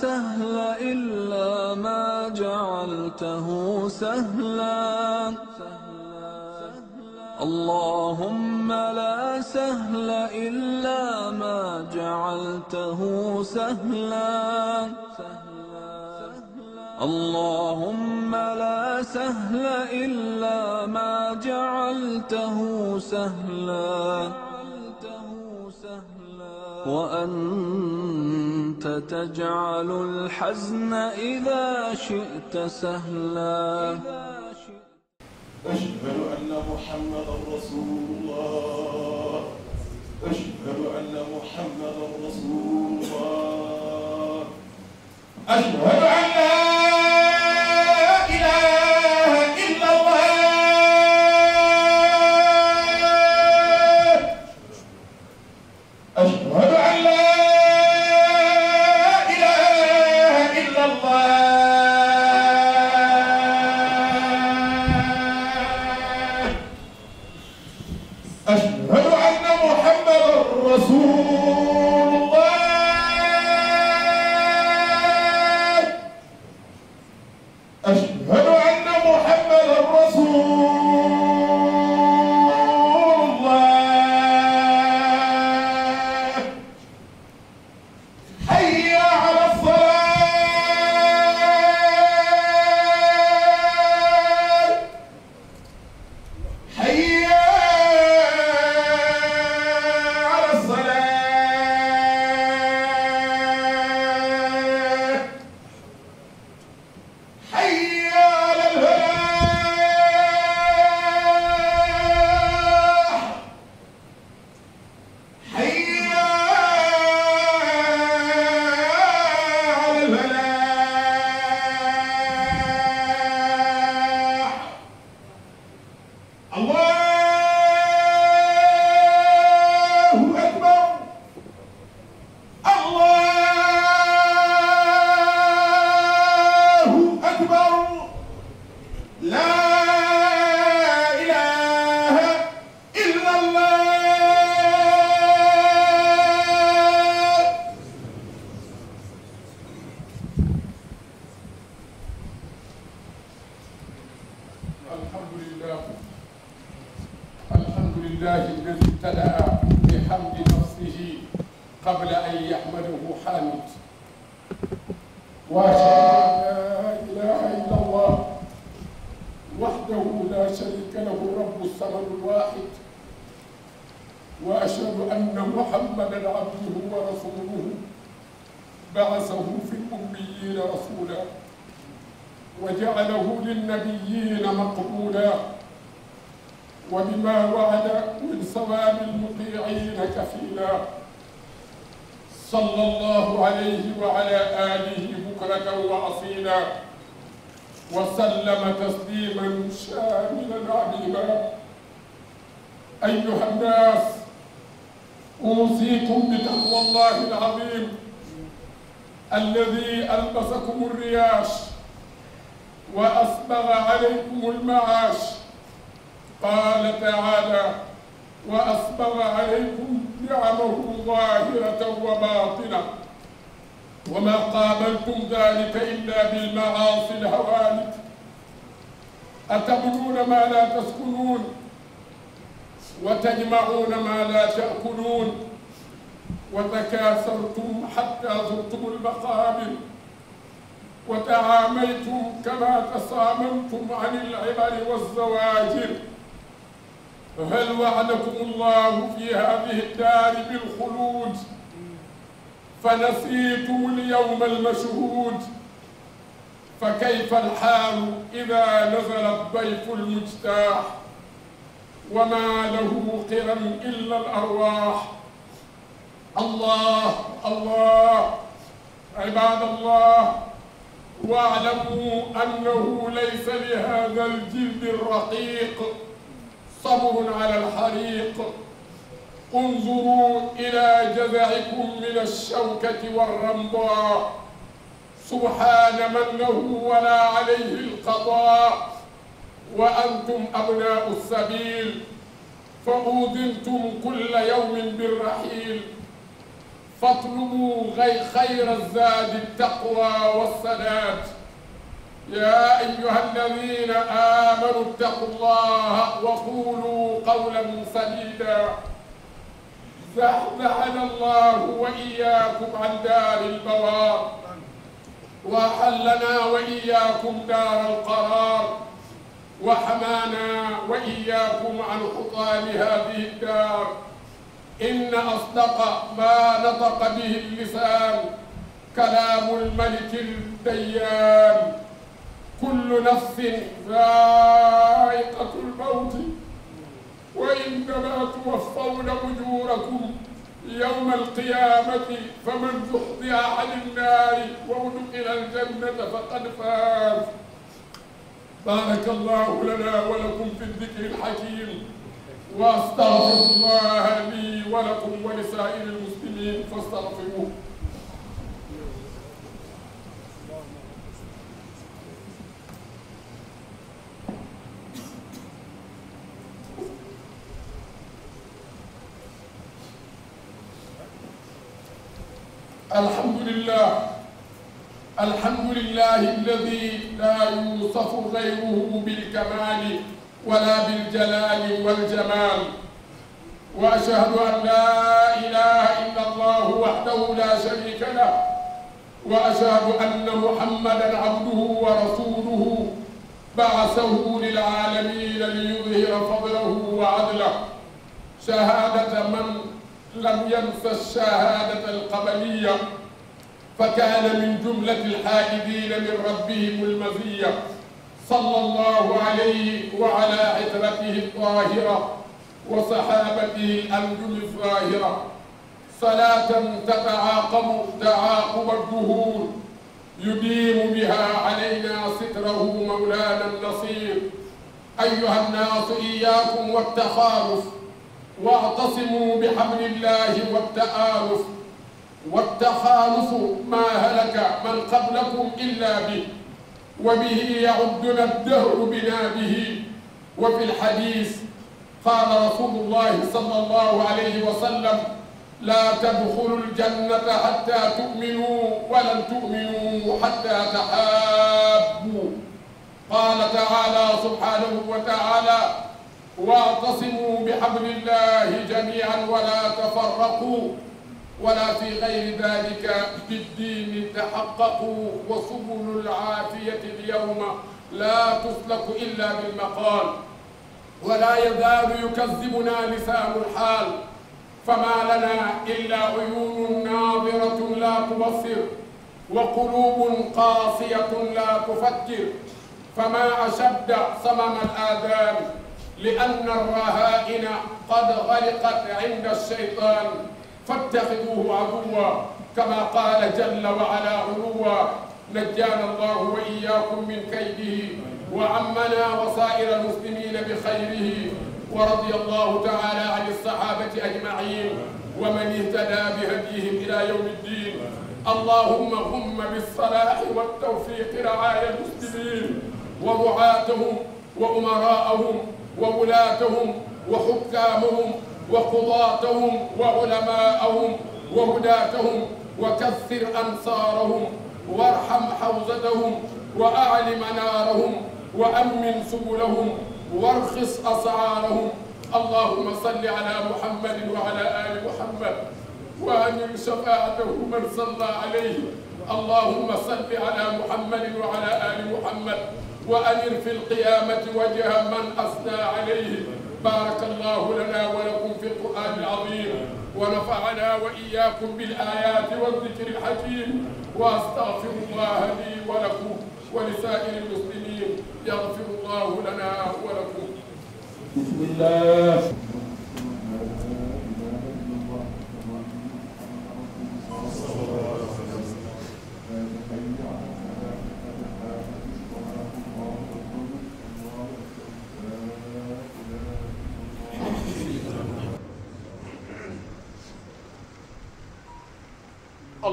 سهل إلا ما جعلته سهلا اللهم لا سهل إلا ما جعلته سهلا اللهم لا سهل إلا ما جعلته سهلا وأن تجعل الحزن إذا شئت سهلا أشهد أن محمدا رسول الله أشهد أن محمدا رسول الله أشهد أن لا وتجمعون ما لا تأكلون وتكاثرتم حتى زرتم المقابر وتعاميتم كما تصاممتم عن العبر والزواجر هل وعدكم الله في هذه الدار بالخلود فنسيتم اليوم المشهود فكيف الحال إذا نزل الضيف المجتاح وما له قرا إلا الأرواح الله الله عباد الله واعلموا أنه ليس لهذا الجلد الرقيق صبر على الحريق انظروا إلى جذعكم من الشوكة والرمضاء سبحان من له ولا عليه القضاء وأنتم أبناء السبيل فأوذنتم كل يوم بالرحيل فاطلبوا خير الزاد التقوى والصلاة يا أيها الذين آمنوا اتقوا الله وقولوا قولا سديدا زحزحنا الله وإياكم عن دار البوار وحلنا وإياكم دار القرار وحمانا وإياكم عن حطام هذه الدار إن أصدق ما نطق به اللسان كلام الملك الديان كل نفس ذائقة الموت وإنما توفون أجوركم يوم القيامة فمن زحزح عن النار وأدخل الجنة فقد فاز بارك الله لنا ولكم في الذكر الحكيم واستغفر الله لي ولكم ولسائر المسلمين فاستغفروه الحمد لله الحمد لله الذي لا يوصف غيره بالكمال ولا بالجلال والجمال وأشهد أن لا إله إلا الله وحده لا شريك له وأشهد أن محمدا عبده ورسوله بعثه للعالمين ليظهر فضله وعدله شهادة من لم ينس الشهادة القبلية فكان من جملة الحاجدين من ربهم المزية صلى الله عليه وعلى عترته الطاهرة وصحابته الأنجم الظاهرة صلاة تتعاقب تعاقب الدهور يديم بها علينا ستره مولانا النصير أيها الناس إياكم والتخالف واعتصموا بحبل الله والتآلف والتخالف ما هلك من قبلكم إلا به وبه يعدنا الدهر بنا به وفي الحديث قال رسول الله صلى الله عليه وسلم لا تدخلوا الجنة حتى تؤمنوا ولن تؤمنوا حتى تحابوا قال تعالى سبحانه وتعالى واعتصموا بحبل الله جميعا ولا تفرقوا ولا في غير ذلك بالدين تحققوا وسبل العافية اليوم لا تسلك إلا بالمقال ولا يزال يكذبنا لسان الحال فما لنا إلا عيون ناظرة لا تبصر وقلوب قاسية لا تفكر فما أشد صمم الآذان لأن الرهائن قد غلقت عند الشيطان فاتخذوه عدوا كما قال جل وعلا علوا نجانا الله واياكم من كيده وعمنا وصائر المسلمين بخيره ورضي الله تعالى عن الصحابه اجمعين ومن اهتدى بهديهم الى يوم الدين اللهم هم بالصلاح والتوفيق رعايا المسلمين ومعاتهم وامراءهم وولاتهم وحكامهم وقضاتهم وعلماءهم وهداتهم وكثر أنصارهم وارحم حوزتهم وأعل منارهم وأمن سبلهم وارخص أسعارهم اللهم صل على محمد وعلى آل محمد وأن شفاعته من صلى عليه اللهم صل على محمد وعلى آل محمد وأنر في القيامة وجه من أثنى عليه بارك الله لنا ولكم في القرآن العظيم ونفعنا وإياكم بالآيات والذكر الحكيم وأستغفر الله لي ولكم ولسائر المسلمين يغفر الله لنا ولكم بسم الله صلى الله عليه وسلم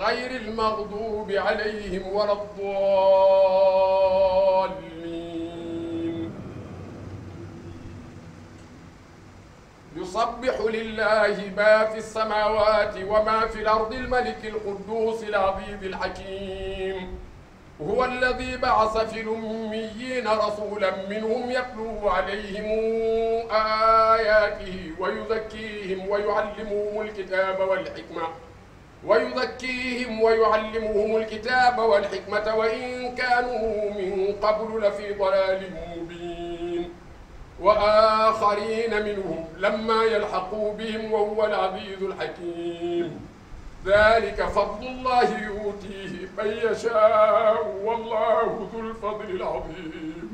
غير المغضوب عليهم ولا الضالين يصبح لله ما في السماوات وما في الأرض الملك القدوس العظيم الحكيم هو الذي بعث في الأميين رسولا منهم يتلو عليهم آياته ويزكيهم ويعلمهم الكتاب والحكمة ويزكيهم ويعلمهم الكتاب والحكمة وإن كانوا من قبل لفي ضلال مبين وآخرين منهم لما يلحقوا بهم وهو العزيز الحكيم ذلك فضل الله يؤتيه من يشاء والله ذو الفضل العظيم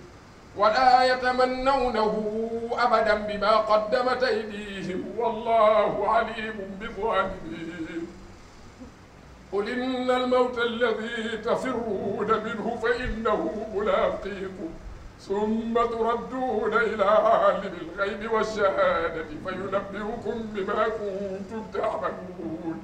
ولا يتمنونه أبدا بما قدمت أيديهم والله عليم بالظالمين قل إن الموت الذي تفرون منه فإنه ملاقيكم ثم تردون إلى عالم الغيب والشهادة فينبئكم بما كنتم تعملون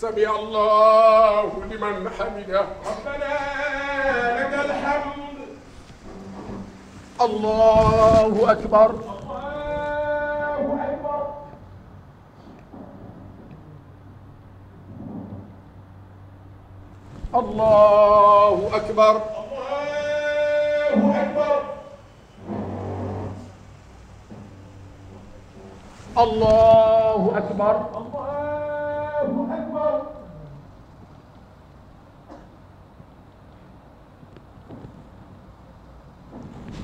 سمع الله لمن حمده ربنا لك الحمد الله أكبر الله أكبر الله أكبر الله أكبر الله أكبر الله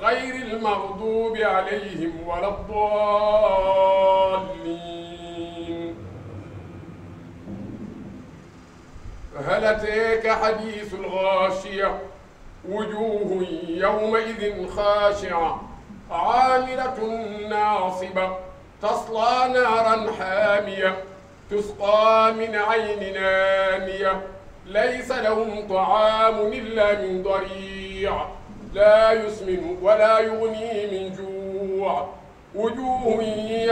غير المغضوب عليهم ولا الضالين هل أتيك حديث الغاشية وجوه يومئذ خاشعة عاملة ناصبة تصلى نارا حامية تسقى من عين نانية ليس لهم طعام إلا من ضريع لا يسمن ولا يغني من جوع وجوه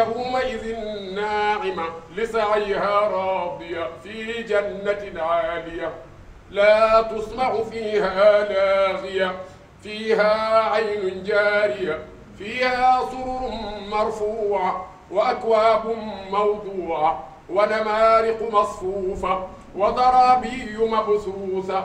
يومئذ ناعمة لسعيها راضية في جنة عالية لا تسمع فيها لاغية فيها عين جارية فيها سرر مرفوعة وأكواب موضوعة ونمارق مصفوفة وضرابي مبثوثة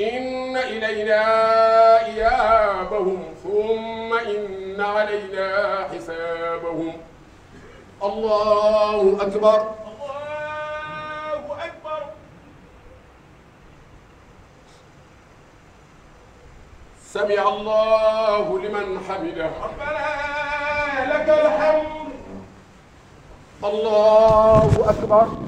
إن إلينا إيابهم ثم إن علينا حسابهم الله أكبر الله أكبر سمع الله لمن حمده ربنا لك الحمد الله أكبر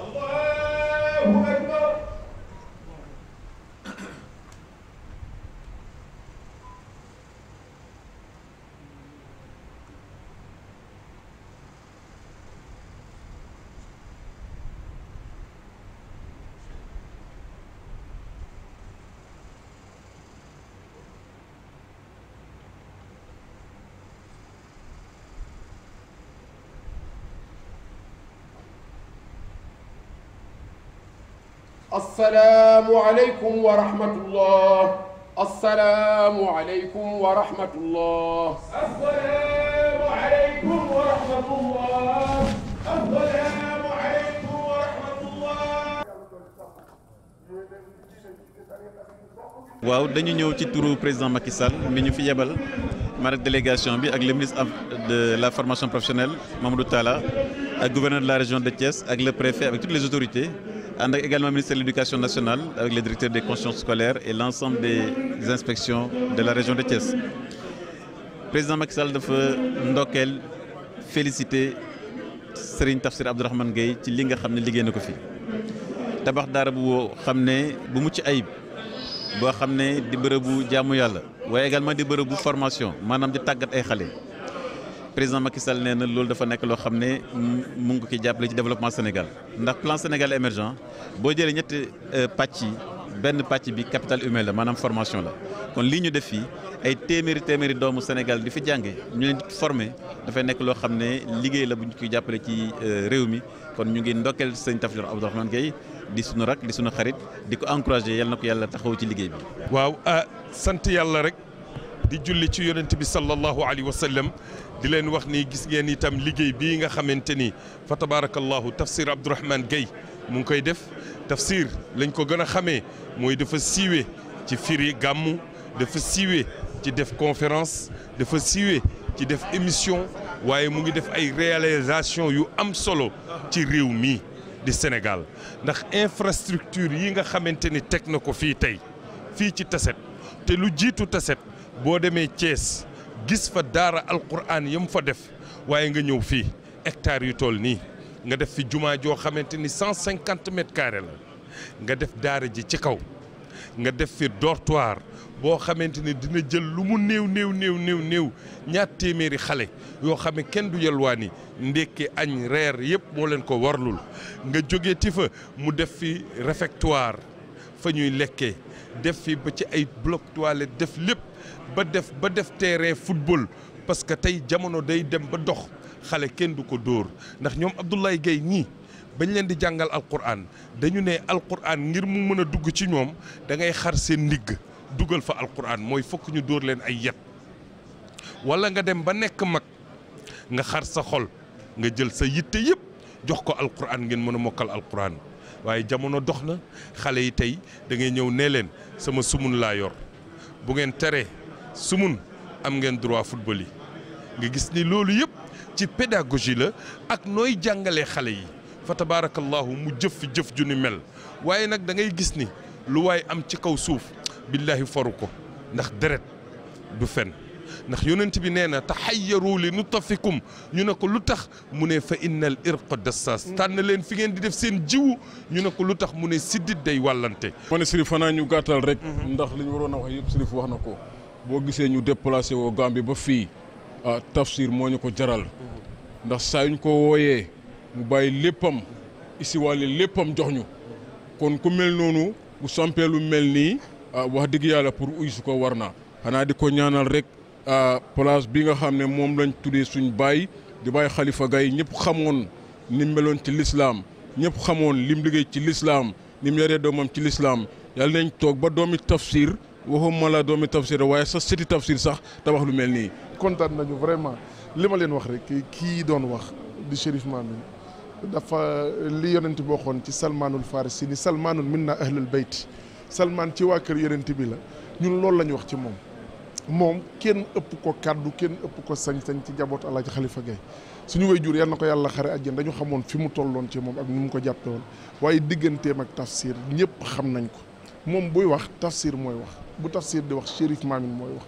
asalaamualeykum wa rahmatullah asalaamualeykum wa rahmatullah. asalaamualeykum wa rahmatullah. asalaamualeykum wa rahmatullah. waaw dañu ñëw ci turu président Macky Sall mi ñu fi yebal ma délégation bi ak le ministre de la formation professionnelle Mamadou Talla ak gouverneur de la région de Thiès ak le préfet avec toutes les autorités. ànd ak également ministère de l'éducation nationale avec les directeurs des consciences scolaires et l'ensemble des inspections de la région de Thiès président Macky Sall dafa ndokkeel félicité Serigne Tafsir Abdourahmane Gueye ci li nga xam ne liggéey na ko fi tabax daara bu xam ne bu mucc ayib boo xam ne di bërëbu jàmm yàlla waaye également di bërëbu formation maanaam di tàggat ay xale président Macky Sall nee na loolu dafa nekk loo xam ne mu ngi ko jàppale ci développement Sénégal ndax plan Sénégal émergent boo jëlee ñetti euh, pàcc yi benn pàcc bi capital humain la maanaam formation la kon lii ñu def fii ay téeméeri téeméeri doomu Sénégal di fi jànge ñu leen formé dafay nekk loo xam ne liggéey la bu ñu koy jàppale ci euh, réew mi kon ñu ngi ndokkeel sëñ Tafidou Abdourahmane Gueye di suñu rak di suñu xarit di ko encouragé yal na ko yàlla taxaw ci liggéey bi. Ah, di julli ci yonent bi sallallahu alayhi wa sallam di leen wax ni gis ngeen itam liggéey bii nga xamante ni fa tabarakallahu tafsir Abdourahmane Gueye mu ngi koy def tafsir lañ ko gën a xamee mooy dafa siiwee ci firi gàmmu dafa siiwee ci def conférence dafa siiwee ci def émission waaye mu ngi def ay réalisation yu am solo ci réew mi di Sénégal ndax infrastructure yi nga xamante ni teg na ko fii tey fii ci taset te lu jiitu taset boo demee Thiès gis fa daara alquran yam fa def waaye nga ñëw fii hectare yu tool nii nga def fi jumaa joo xamante ni cent cinquante mètres la nga def daara ji ci kaw nga def fi dortoir boo xamante ni dina jël lu mu néew néew néew néew néew ñaar téeméeri xale yoo xam ne kenn du yalwaani ndekki añ reer yëpp moo leen ko warlul nga jóge ti fa mu def fi réfectoire fa ñuy lekke def fi ba ci ay bloc toilette def lépp ba def ba def terrain football parce que tey jamono day dem ba dox xale kenn du ko dóor ndax ñoom Abdoulaye Gueye ñii bañ leen di jàngal alquran dañu ne alquran ngir mu mën a dugg ci ñoom da ngay xar seen ndigg dugal fa alquran mooy fokk ñu dóor leen ay yet wala nga dem ba nekk mag nga xar sa xol nga jël sa yitte yëpp jox ko alquran ngeen mën a mokkal alquran waaye jamono dox na xale yi tey da ngay ñëw nee leen sama sumun laa yor bu ngeen tere su mun am ngeen droit football yi nga gis ni loolu yëpp ci pédagogie la ak nooy jàngalee xale yi fa tabaarakallaahu mu jëf fi jëf ju ni mel waaye nag da ngay gis ni lu waaye am ci kaw suuf billaahi faru ko ndax deret du fen ndax yonent bi nee na taxayyaru li nutafikum ñu ne ko lu tax mu ne fa innal irqa dassaas tànn leen fi ngeen di def seen jiwu ñu ne ko lu tax mu ne siddit day wàllante ma ne Sirif fanaa ñu gàttal rek mhm. ndax li ñu waroon a wax yëpp Sirif wax na ko boo gisee ñu déplacé woo bi ba fii ah Tafsir moo ñu ko jaral ndax saa yu ñu ko wooyee mu bàyyi léppam isiwaale léppam jox ñu kon ku mel noonu bu sampee lu mel nii ah, wax dëgg yàlla pour uy su ko war naa xanaa di ko ñaanal rek ah, place bi nga xam ne moom lañ tuddee suñ bàyyi di bàyyi xalifa gay ñëpp xamoon ni meloon ci lislaam ñëpp xamoon lim liggéey ci lislaam ni nim yaree doomam ci lislaam yàlla nañ toog ba doomi Tafsir waxuma la doomi tafsir waaye sa siti tafsir sax tabax lu mel nii. kontaan nañu vraiment li ma leen wax rek kii doon wax di Chérif Mamin dafa li yonent bi waxoon ci salmaanul farisi ni salmaanul minna ahlul bayt salmaan ci waa kër yonent bi la ñun loolu la ñu wax ci moom. moom kenn ëpp ko kàddu kenn ëpp ko sañ-sañ ci jaboot Alaaji Xalifa Gay suñu way jur yal na ko yàlla xare àjjana dañu xamoon fi mu tolloon ci moom ak nu mu ko jàppe woon digganteem ak tafsir ñëpp xam nañ ko. moom buy wax tafsir mooy wax bu tafsir di wax Chérif Mamine mooy wax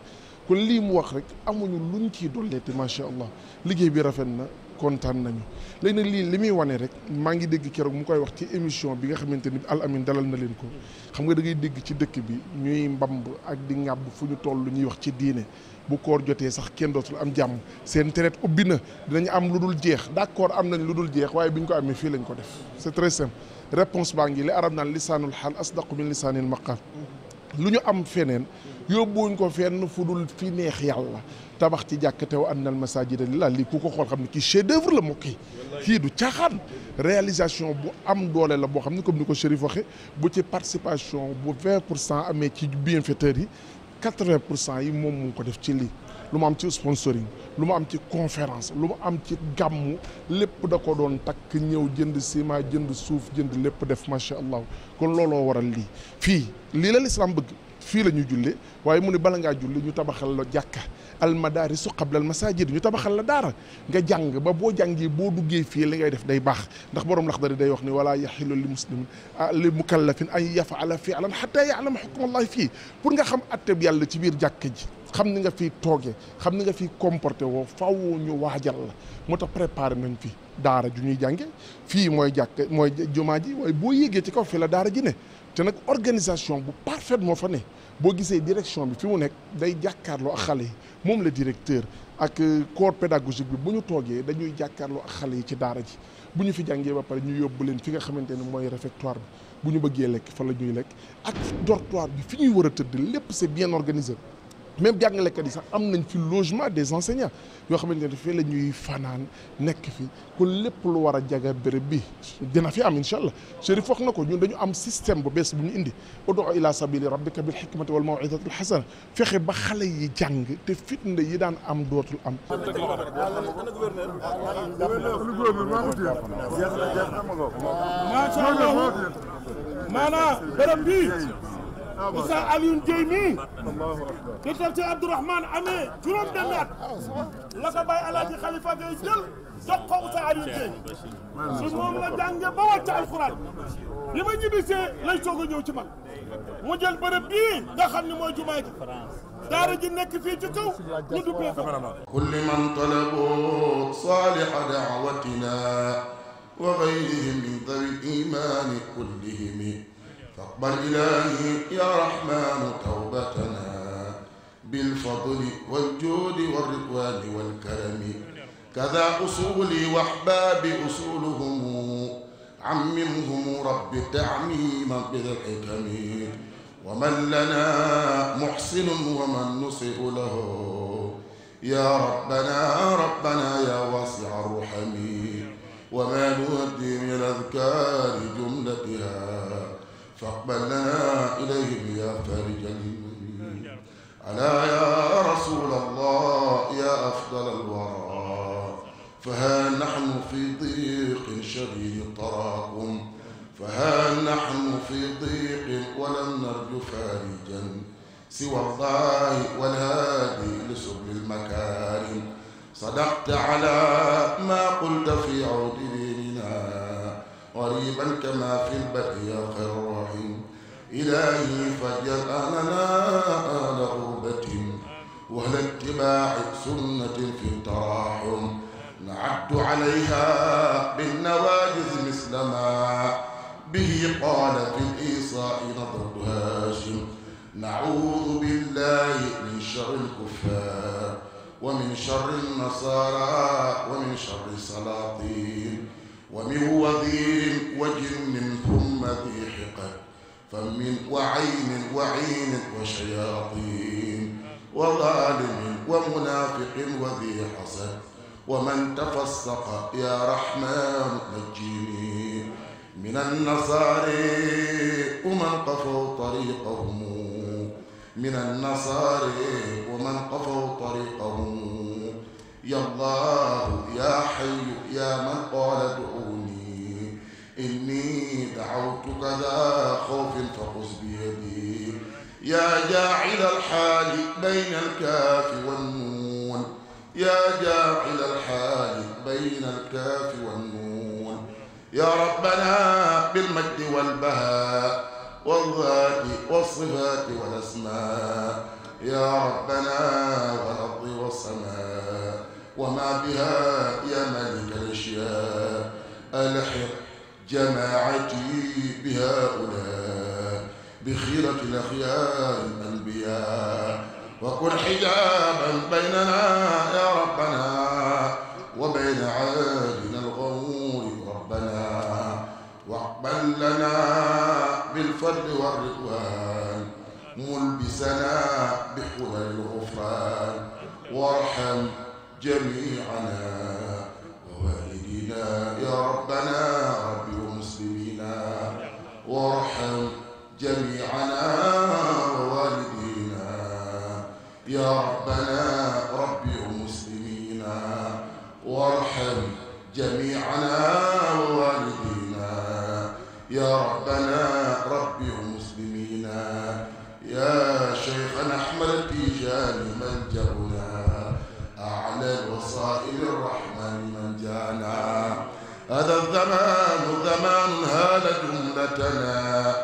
kon lii mu wax rek amuñu lu ñu luñ ciy dolleeti macha allah liggéey bi rafet na kontaan nañu. léegi nag lii li muy wane rek maa ngi dégg keroog mu koy wax ci émission bi nga xamante ni Al Amine dalal na leen ko xam nga da ngay dégg ci dëkk bi ñuy mbamb ak di ŋàbb fu ñu toll ñuy wax ci diine. bu koor jotee sax kenn dootul am jàmm seen traite ubbi na dinañ am lu dul jeex d'accord am nañ lu dul jeex waaye bi ñu ko amee fii lañ ko def c'est très sem réponse baa ngi li arab naan lisaanul xaal asdaqu min lisaanil maqaal lu ñu am feneen yóbbuwuñ ko fen fu dul fi neex yàlla tabax ci jàkk tew an al masajida lillah lii ku ko xool xam ne kii chef d'œuvre la moo kii kii du caaxaan réalisation bu am doole la boo xam ne comme ni ko Chérif waxe bu ci participation bu vingt pour cent amee ci bien bienfaiteurs yi quatre-vingt pour cent yi moom mu ngi ko def ci lii lu mu am ci sponsoring lu mu am ci conférence lu mu am ci gàmmu lépp da ko doon takk ñëw jënd ciment jënd suuf jënd lépp def ma macha allah kon looloo waral lii fii lii la lislaam bëgg fii la ñu julle waaye mu ne bala ngaa julli ñu tabaxal la jàkka almadaarisu qabla almasajid ñu tabaxal la daara nga jàng ba boo jàngee boo duggee fii li ngay def day baax ndax borom laxdari day wax ni wala yaxilu li muslimin ah, li mukallafin an yafaala fi'lan xata yaalama xukma allahi fii pour nga xam atteb yàlla ci biir jàkka ji xam ni nga fiy toogee xam ni nga fiy comporté woo faw ñu waajal la moo tax préparé nañ fi daara ju ñuy jànge fii mooy jàkk mooy jumaa ji waaye boo yéegee ci kaw fi la daara ji ne te nag organisation bu parfaite moo fa ne boo gisee direction bi fi mu nekk day jàkkaarloo ak xale yi moom la directeur ak euh, corps pédagogique bi bu ñu toogee dañuy jàkkaarloo ak xale yi ci daara ji bu ñu fi jàngee ba pare ñu yóbbu leen fi nga xamante ne mooy réfectoire bi bu ñu bëggee lekk fa la ñuy ak dortoir bi fi ñuy war a tëdd lépp c'est bien organisé même jàngalekat yi sax am nañ fi logement des enseignants yoo xamante ne fii la ñuy fanaan nekk fi kon lépp lu war a jaga béréb bi dina fi am incha allah Chérif wax na ko ñun dañu am système bu bees bu ñu indi udu ila sabili rabbika bil hikmati wal mawidati l hasana fexe ba xale yi jàng te fitna yi daan am dootul am maanaam béréb bi Moussa Alioune Dieye mii di taf ci Abdourahmane amee juróom benn la ko bàyyi Alaaji Xalifa Gaye jël jox ko Moussa Alioune Dieye si moom la jànge ba wàcc alxuraan ma ñibbisee lay a ñëw ci man mu jël bërëb bii nga mooy jumaa ji daara ji nekk fii ci kaw ñu dubbee man talabu saliha daawatina wa gayrihim min dawi imani kullihim فاقبل إلهي يا رحمن توبتنا بالفضل والجود والرضوان والكرم كذا أصولي وأحبابي أصولهم عممهم رب تعميما بذا الحكم ومن لنا محسن ومن نسئ له يا ربنا ربنا يا واسع الرحم وما نؤدي من الأذكار جملتها فاقبلنا إليهم يا فارج المني ألا يا رسول الله يا أفضل الورى فها نحن في ضيق شديد التراكم فها نحن في ضيق ولم نرجو فارجا سوى الله والهادي لسبل المكارم صدقت على ما قلت في عود ديننا غريبا كما في البدء يا خير إلهي فاجعل أهلنا أهل غربة وأهل اتباع سنة في تراحم نعدت عليها بالنواجذ مثل ما به قال في الإيصاء نظر هاشم نعوذ بالله من شر الكفار ومن شر النصارى ومن شر السلاطين ومن وزير وجن ثم ذي حقد فم وعين وعين وشياطين وظالم ومنافق وذي حسد ومن تفسق يا رحمن نجني من النصاري ومن قفوا طريقهم من النصاري ومن قفوا طريقهم يا الله يا حي يا من قال دعوني إني دعوتك ذا خوف فخذ بيدي يا جاعل الحال بين الكاف والنون يا جاعل الحال بين الكاف والنون يا ربنا بالمجد والبهاء والذات والصفات والأسماء يا ربنا والأرض والسماء وما بها يا ملك الأشياء الحق جماعتي بهؤلاء بخيرة الأخيار الأنبياء وكن حجابا بيننا يا ربنا وبين عادنا الغور ربنا واقبل لنا بالفضل والرضوان ملبسنا بحلل الغفران وارحم جميعنا ووالدينا يا ربنا وارحم جميعنا ووالدينا يا ربنا ربي مسلمين وارحم جميعنا ووالدينا يا ربنا ربي مسلمين يا شيخنا احمد التيجاني من جبنا اعلى الوسائل الرحمن من جانا هذا الزمان زمان هذا رحمتنا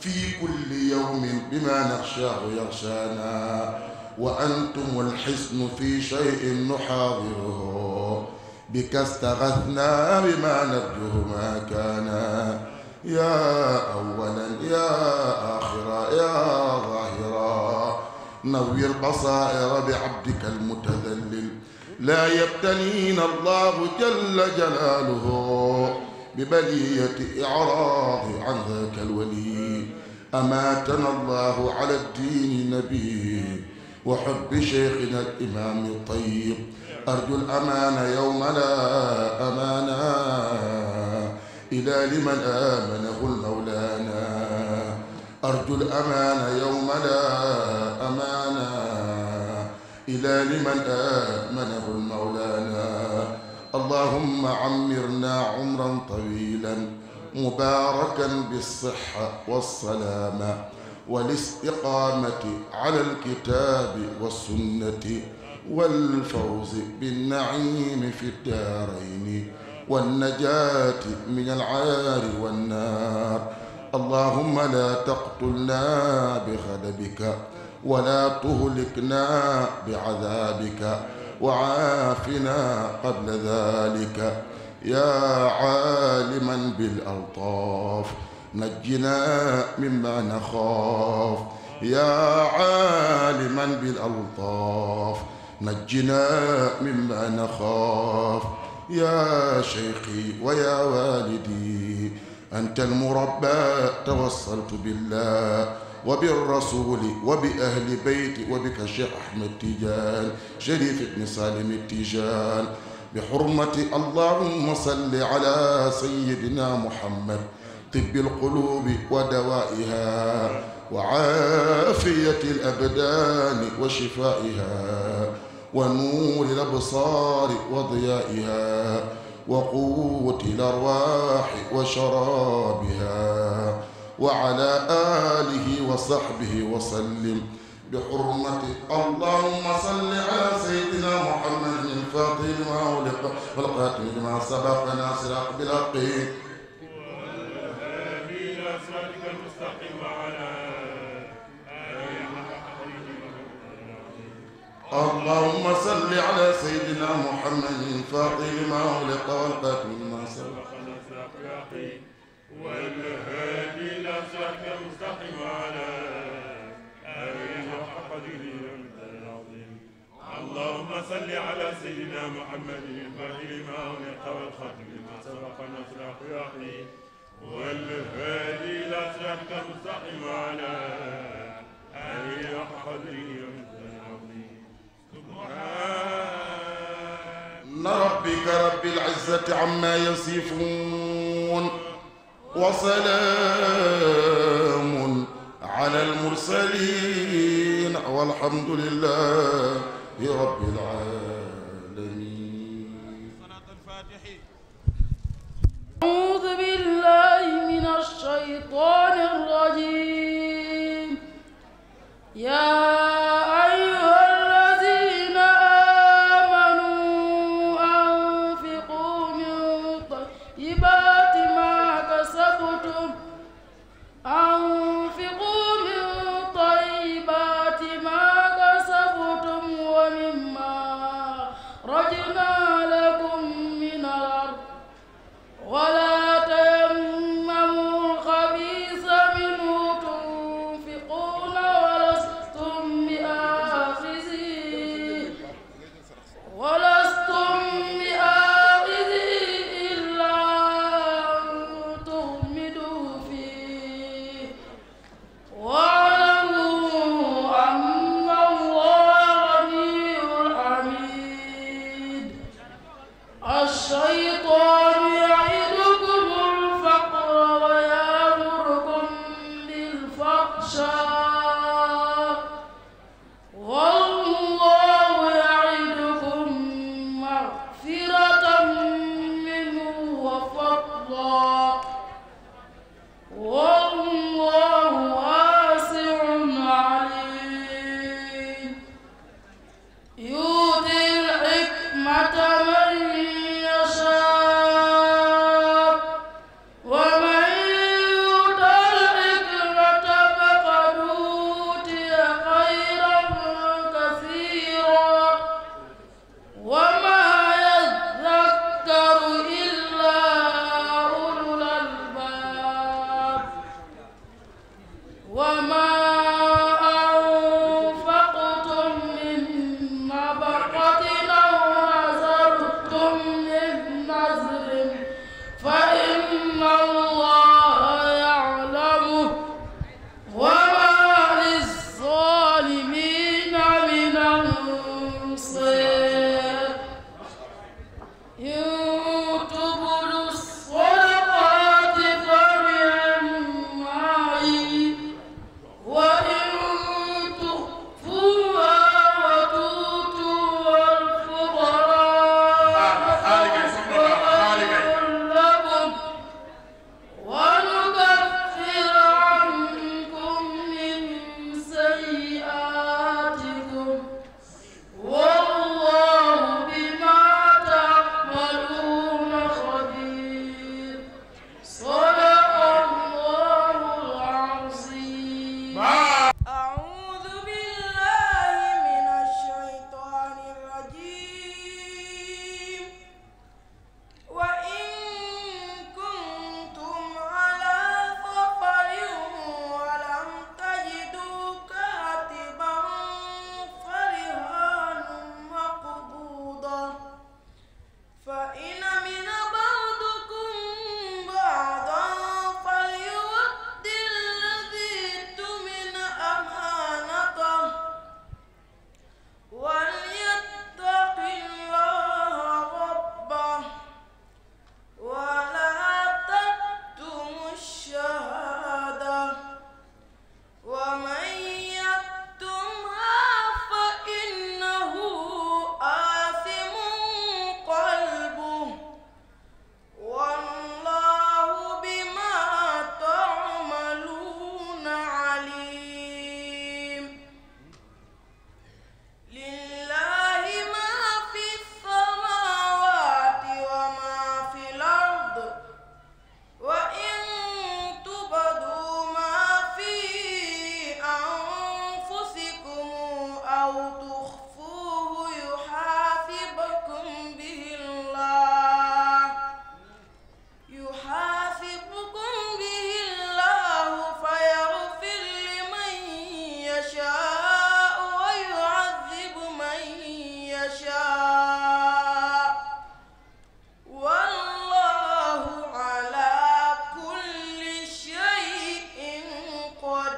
في كل يوم بما نخشاه يغشانا وأنتم الحسن في شيء نحاضره بك استغثنا بما نرجوه ما كان يا أولا يا آخرا يا ظاهرا نوّر بصائر بعبدك المتذلل لا يبتلين الله جل جلاله ببلية إعراض عن ذاك الولي أماتنا الله على الدين نبي وحب شيخنا الإمام الطيب أرجو الأمان يوم لا أمانا إلى لمن آمنه المولانا أرجو الأمان يوم لا أمانا إلى لمن آمنه المولانا اللهم عمرنا عمرا طويلا مباركا بالصحة والسلامة والاستقامة على الكتاب والسنة والفوز بالنعيم في الدارين والنجاة من العار والنار اللهم لا تقتلنا بغضبك ولا تهلكنا بعذابك وعافنا قبل ذلك يا عالما بالألطاف نجنا مما نخاف يا عالما بالألطاف نجنا مما نخاف يا شيخي ويا والدي أنت المربى توصلت بالله wa bi rasuli wa bi ahli bayti wa bika cheikh ahmed tidiane sharif ibn salim tidiane bi xurmati allahumma salli ala sayyidina muhammad tibbi alqulubi wa dawaiha wa aafiyati alabdani wa shifaiha wa nuuri labsaari wa diyaiha wa quwwati larwaaxi wa sharaabiha وعلى آله وصحبه وسلم بحرمة اللهم صل على سيدنا محمد الفاتح لما أغلق والقاتم لما سبق ناصر بالحق اللهم صل على سيدنا محمد الفاتح لما أغلق والقاتم لما سبق ناصر بالحق والهادي إلى صراطك المستقيم وعلى آله حق قدره العظيم اللهم صل على سيدنا محمد الفاتح لما أغلق والخاتم لما سبق نصر أخلاقه والهادي إلى صراطك المستقيم وعلى آله حق قدره العظيم سبحان ربك رب العزة عما يصفون وسلام على المرسلين والحمد لله رب العالمين أعوذ بالله من الشيطان الرجيم يا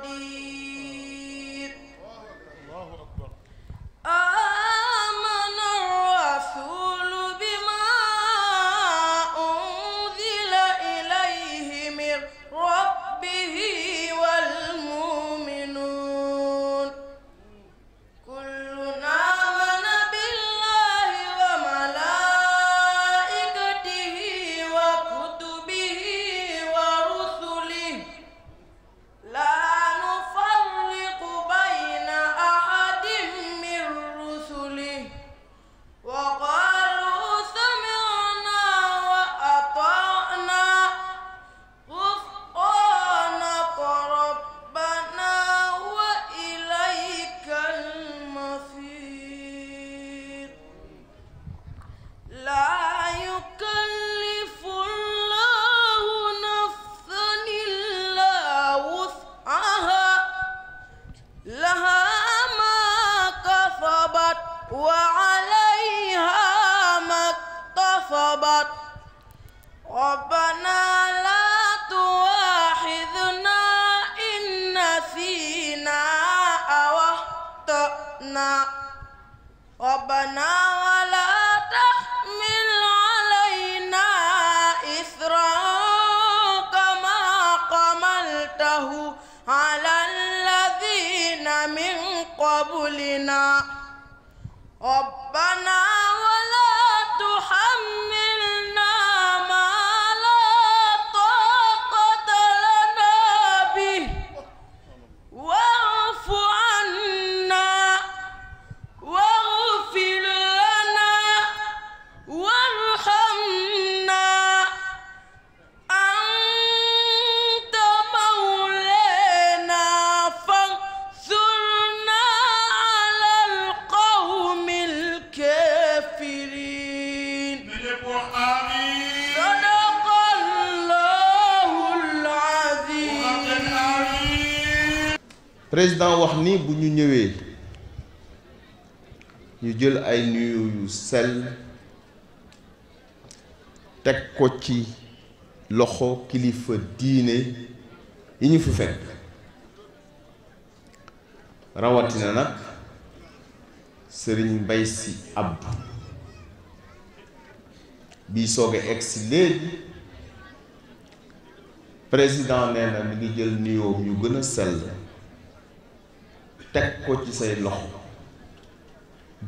di wax ni bu ñu ñëwee ñu jël ay nuyu yu sell teg ko ci loxo kilifa diine yi ñu fi fekk rawatina nag sëriñ Mbay ci Abdu bii sooge egsi léegi président nee na mi jël nuyoom yu gën a sell teg ko ci say loxo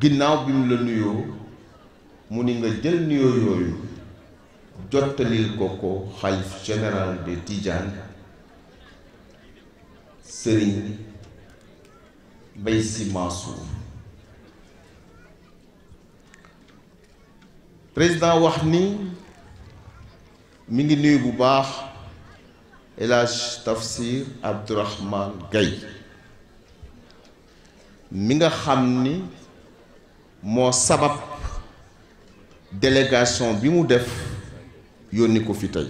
ginnaaw bi mu la nuyoo mu ni nga jël nuyoo yooyu jottalil ko ko xalif général de Tidiane Serigne Mbaye Sy président wax ni mi ngi nuyu bu baax El Hadj Tafsir Abdourahmane Gaye mi nga xam ni moo sabab délégation bi mu def yónni ko fi tey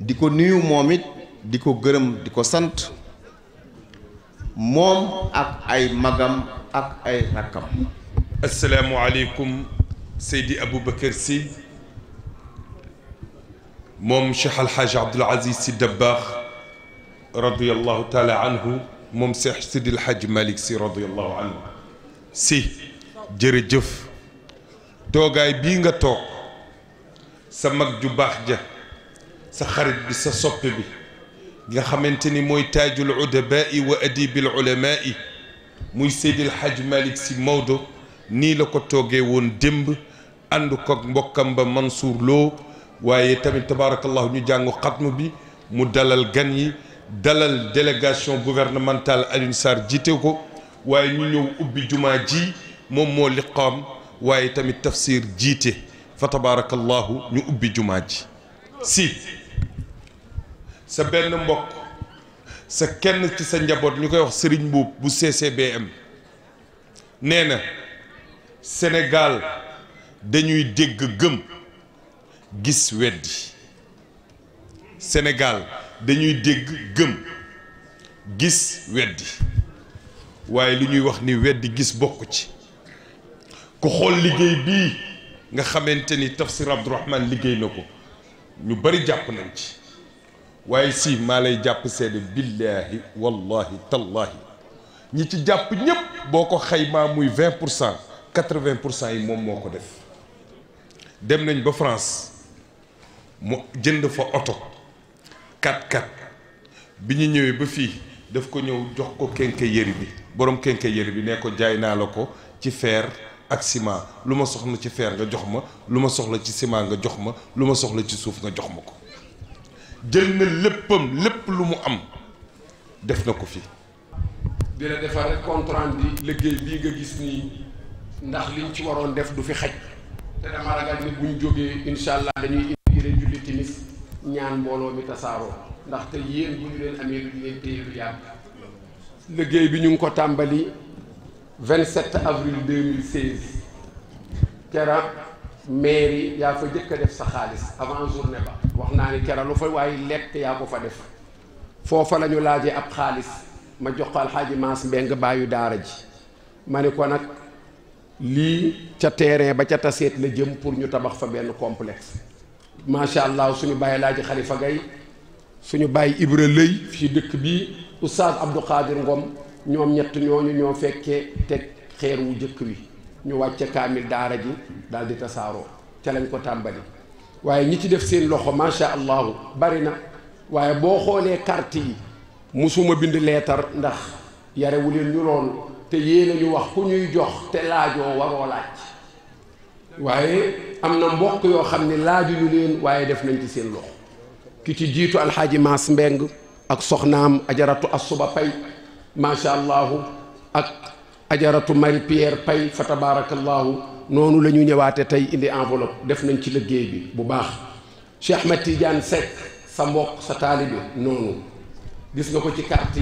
di ko nuyu moom it di ko gërëm di ko sant moom ak ay magam ak ay rakkam asalaamualeykum Seydi Aboubacar Sy moom Cheikh Alxaaji Abdoul Aziz Sy Dabakh radiallahu taala anhu moom Cheikh Sidil Hadj Malick si radiyallahu anhu si jërëjëf toogaay bii nga toog sa mag ju baax ja sa xarit bi sa soppe bi nga xamante ni mooy taajul udabai wa adibil ulamai muy Seydil Hadj Malick si Maodo nii la ko toogee woon démb ànd ko ak mbokkam ba Mansour Lo waaye tamit tabaarakallahu ñu jàngu xatm bi mu dalal gan yi dalal délégation gouvernementale Alioune jiite ko waaye ñu ñëw ubbi jumaa ji moom moo liqaam waaye tamit tafsir jiite fa tabaarakallahu ñu ubbi jumaa ji si sa benn mbokk sa kenn ci sa njaboot ñu koy wax sëriñ Mbuub bu CCBM nee na Sénégal dañuy dégg gëm gis weddi Sénégal dañuy dégg gëm gis weddi waaye lu ñuy wax ni weddi gis bokk ci ku xool liggéey bii nga xamante ni tafsir abdourahman liggéey na ko ñu bari jàpp nañ ci waaye si maa lay jàpp seede billaahi wallahi tallahi ñi ci jàpp ñépp boo ko xaymaa muy vingt pour cent quatre pour cent yi moom moo ko def dem nañ ba France mu jënd fa oto 4-4 bi ñu ñëwee ba fii daf ko ñëw jox ko quincaillerie bi boroom borom quincaillerie bi ne ko jaay naa la ko ci fer ak ciment lu ma soxla ci feer nga jox ma lu ma soxla ci ciment nga jox ma lu ma soxla ci suuf nga jox ma ko jël na léppam lépp lu mu am def na ko fii. dina defar compte rendu liggéey bii nga gis nii ndax liñ ci waroon def du fi xaj. te dama ragal ni buñ jógee incha allah dañuy indi julli timis ñaan mbooloo mi tasaaroo ndaxte yéen bu ñu leen amee leen téye lu yàgg liggéey bi ñu ngi ko tàmbali 27 avril 2016 kera mairie yaa fa jëkk def sa xaalis avant journée ba wax naa ni kera lu fa waaye lekk yaa ko fa def foofa la ñu laajee ab xaalis ma jox ko alxaaji Maas Mbeng bàyyu daara ji ma ni ko nag lii ca terrain ba ca taseet la jëm pour ñu tabax fa benn complexe macha allah suñu bàyyi laa xalifa gay suñu bàyyi ibra lëy ci dëkk bii oustaz abdou xaadir ngom ñoom ñett ñooñu ñoo fekkee teg xeer wu jëkk wi ñu wàcce kaamil daara ji daal di tasaaroo ca lañ ko tàmbali waaye ñi ci def seen loxo macha allahu bari na waaye boo xoolee carte yi musuma bind leetar ndax yarewu leen ñu loolu te yéen a ñu wax ku ñuy jox te laajoo waroo laaj waaye am na mbokk yoo xam ne laajuñu leen waaye def nañ ci seen loxo ki ci jiitu alxaaji Maas Mbeng ak soxnaam ajaratu Asuba Pay macha allah ak ajaratu Marie Pierre Pay fa tabarakallahu noonu la ñu ñëwaate tey indi enveloppe def nañ ci liggéey bi bu baax Cheikh Ahmed Tidiane sa mbokk sa taalibe noonu gis nga ko ci carte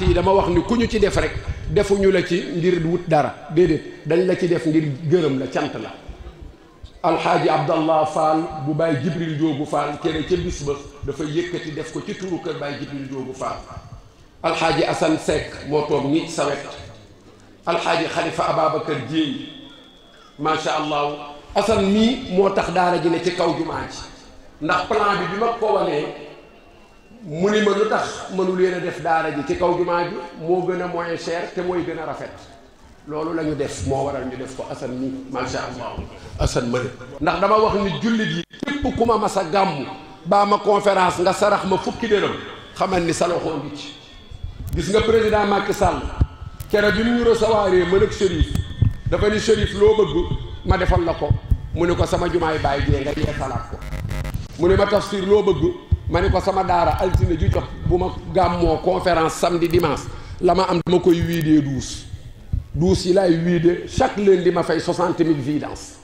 yi yi dama wax ni ku ñu ci def rek defuñu la ci ngir wut dara déedéet dañ la ci def ngir gërëm la cant la alxaaji abdallah fall bu bàyyi jibril joogu fall kere ca bis ba dafa yëkkati def ko ci turu kër bàyyi jibril joogu fall alxaaji asan sekk moo toog nit sawet wet alxaaji xalifa ababacar jéey macha allah asan mii moo tax daara ji ne ci kaw jumaa ji ndax plan bi bi ma ko mu ni ma lu tax mënu leen a def daara ji ci kaw jumaa ji moo gën a moyen cher te mooy gën a rafet loolu la ñu def moo waral ñu def ko asan mi macha allah asan mëne ndax dama wax ni jullit yi képp ku ma mas a gàmm baa ma conférence nga sarax ma fukki dërëm xamal ni sa loxo ngi ci gis nga président Macky Sall kere bi mu ñu recevoir mën ak Chérif dafa ni Chérif loo bëgg ma defal la ko mu ne ko sama jumaay baay jee nga yeesalaat ko mu ne ma tafsir loo bëgg ma ne ko sama daara altine ju jot bu ma gàmmoo conférence samedi dimanche la ma am dama koy vidéo duus yi laay wiide chaque leen di ma fay soixante mille vidange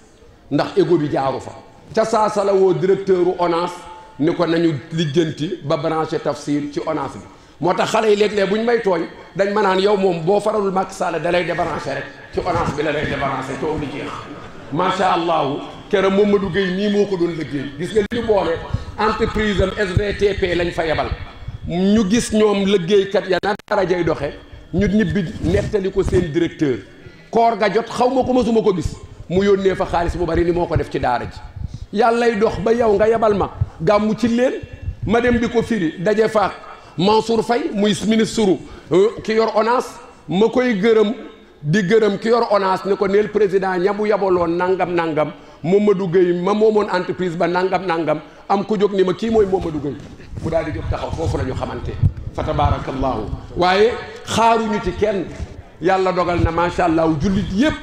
ndax égo bi jaaru fa ca saa sala woo directeur u ONAS ni ko nañu lijjanti ba branché tafsir ci ONAS bi moo tax xale yi léeg-léeg bu ñu may tooñ dañ ma naan yow moom boo faralul Macky Sall dalay lay débranché rek ci ONAS bi la lay débranché toog li jeex macha allahu keroog Mamadou Gueye nii moo ko doon liggéey gis nga li ñu boole entreprise am SVTP lañ fa yebal ñu gis ñoom liggéeykat ya na dara jay ñu ñibbi nettali ko seen directeur koor ga jot xaw ma ko suma ko gis mu yónnee fa xaalis bu bari ni moo ko def ci daara ji yàllay dox ba yow nga yebal ma gàmmu ci leen ma dem di ko firi daje ma Mansour fay muy ministre euh, ki yor ONAS ma koy gërëm di gërëm ki yor ONAS ne ko neel président ñamu yabaloon nangam nangam moom ma Mamadou Gueye ma moomoon entreprise ba nangam nangam am ku jóg ni ma kii mooy Mamadou Gueye bu daal di jóg taxaw foofu la ñu xamante fa tabaarakallaahu waaye xaaruñu ci kenn yàlla dogal na macha allah jullit yépp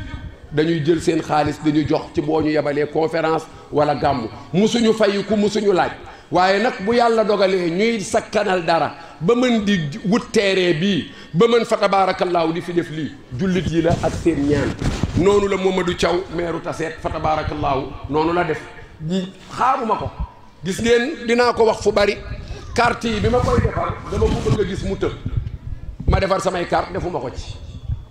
dañuy jël seen xaalis dañu jox ci boo ñu yebalee conférence wala gàmm musuñu fayiku musuñu laaj waaye nag bu yàlla dogalee ñuy sakkanal dara ba mën di wut teeree bii ba mën fa tabaarakallaahu di fi def lii jullit yi la ak seen ñaan noonu la Mamadou Thiaw meeru Taseet fa tabaarakallaahu noonu la def xaaruma ko gis ngeen dinaa ko wax fu bari carte yi bi ma koy defar dama ko bëgg a gis mu tëb ma defar samay carte defuma ko ci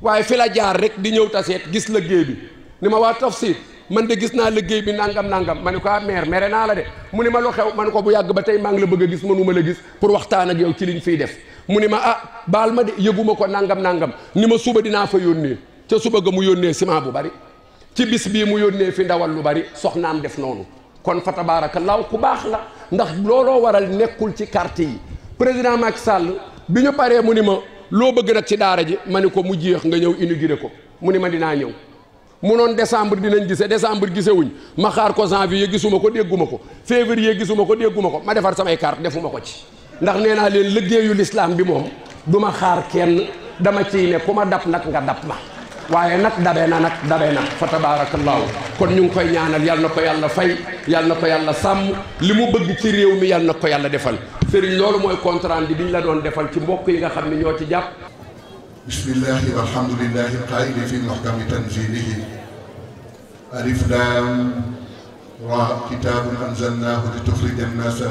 waaye fi la jaar rek di ñëw taseet gis liggéey bi ni ma waa tafsir man de gis naa liggéey bi nangam nangam ma ne ko ah maire mere naa la de mu ni ma lu xew ma ne ko bu yàgg ba tey maa ngi la bëgg a gis mënuma la gis pour waxtaan ak yow ci liñ fiy def mu ni ma ah baal ma de yëguma ko nangam nangam ni ma suba dinaa fa yónnee ca suba ga mu yónnee ciment bu bari ci bis bii mu yónnee fi ndawal lu bari soxnaam def noonu ndax looloo waral nekkul ci carte yi président Macky Sall bi ñu paree mu ni ma loo bëgg nag ci daara ji ma ni ko mu jeex nga ñëw inauguré ko mu ni ma dinaa ñëw mu noon décembre dinañ gise décembre gisewuñ ma xaar ko janvier gisuma ko dégguma ko février gisuma ko dégguma ko ma defar samay carte defuma ko ci ndax nee naa leen liggéeyu lislaam bi moom du ma xaar kenn dama ciy ne ku dapp nag nga dab ma waaye nag dabe na nag dabe na fa tabaarakallaahu kon ñu ngi koy ñaanal yal na ko yàlla fay yal na ko yàlla sàmm li mu bëgg ci réew mi yal na ko yàlla defal sëriñ loolu mooy contrat bi ñu la doon defal ci mbokk yi nga xam ne ñoo ci jàpp bismillahi walhamdulillahi alqaili fi muhkami tanzilihi alif laam ra anzalnaahu li tuxrija annaasa